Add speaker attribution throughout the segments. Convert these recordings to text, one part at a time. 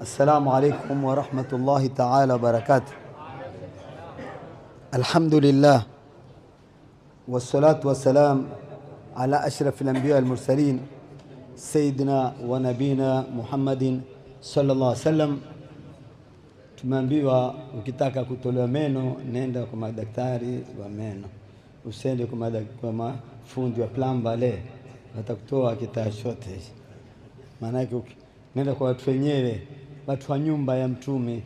Speaker 1: السلام عليكم ورحمة الله تعالى وبركاته الحمد لله والصلاة والسلام على أشرف الأنبياء المرسلين سيدنا ونبينا محمد صلى الله عليه وسلم تمنبيوا وكتاكا kutolewa meno نيندا كما دكتاري wa meno كما kwa, kwa mafundi wa plamba le watakutoa kitaa nenda kwa watu wenyewe, watu wa nyumba ya Mtume,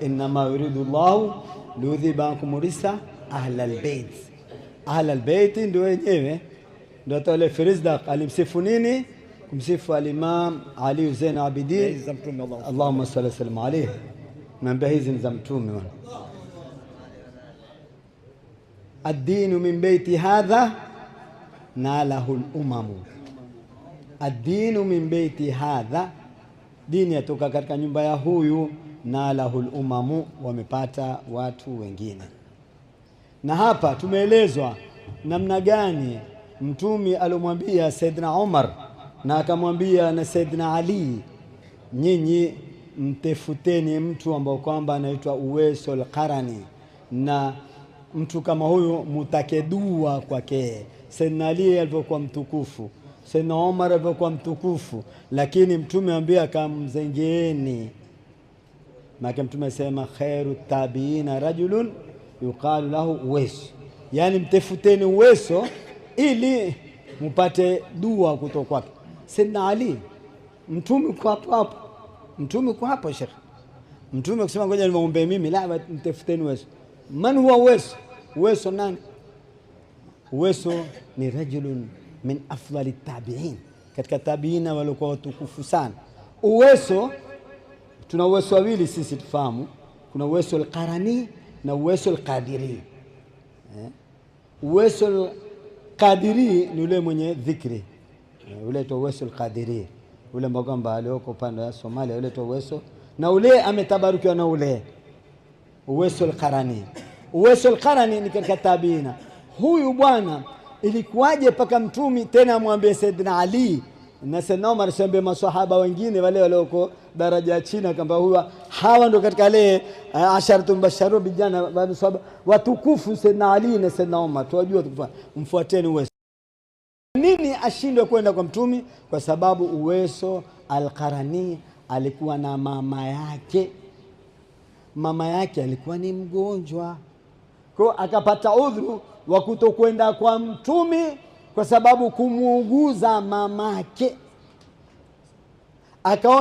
Speaker 1: innama yuridu llahu liudhiba ankum risa ahla albayt. Ahla albayt ndio wenyewe, ndio hata firizda Firizdak alimsifu nini? Kumsifu alimam Ali Zain Abidin, Allahumma salli salam alayhi. Naambia hizi ni za Mtume. Ad-dinu min baiti hadha nalahu al-umamu adinu min beiti hadha, dini yatoka katika nyumba ya huyu, na lahul umamu, wamepata watu wengine. Na hapa tumeelezwa namna gani Mtume alomwambia Saidna Omar na akamwambia na Saidna Ali, nyinyi mtefuteni mtu ambao kwamba anaitwa uweso lqarani, na mtu kama huyu mutake dua kwake. Saidna Ali alivyokuwa mtukufu Sayyidina Omar alivyokuwa mtukufu, lakini mtume ambia kamzengeeni make mtume asema khairu tabiina rajulun yuqalu lahu uweso, yaani mtefuteni uweso ili mpate dua kutoka kwake. Sayyidina Ali mtume kwa hapo hapo, mtume kwa hapo shekhe, mtume kusema ngoja niwaombe mimi, la, mtefuteni uweso. Man huwa uweso? Uweso nani? Uweso ni rajulun min afdali tabiin, katika tabiina waliokuwa watukufu sana. Uweso, tuna uweso wawili sisi tufahamu, kuna uweso alqarani na uweso alqadiri. Eh, uweso alqadiri ni yule mwenye dhikri, eh, uletwa uweso alqadiri ule ambao kwamba alioko upande wa Somalia, uletwa uweso na ule ametabarukiwa na ule uweso alqarani. Uweso alqarani ni katika tabiina, huyu bwana ilikuwaje mpaka mtumi tena amwambie Saidina Ali na Saidina Omar, siambie maswahaba wengine wale walioko daraja ya chini, kwamba huwa hawa ndo katika wale uh, eh, asharatu mbasharu vijana waswahaba watukufu Saidina Ali na Saidina Omar, tuwajua mfuateni uweso. Nini ashindwe kwenda kwa mtumi? Kwa sababu uweso Alqarani alikuwa na mama yake, mama yake alikuwa ni mgonjwa kwa akapata udhuru wa kutokwenda kwa mtumi kwa sababu kumuuguza mamake akaona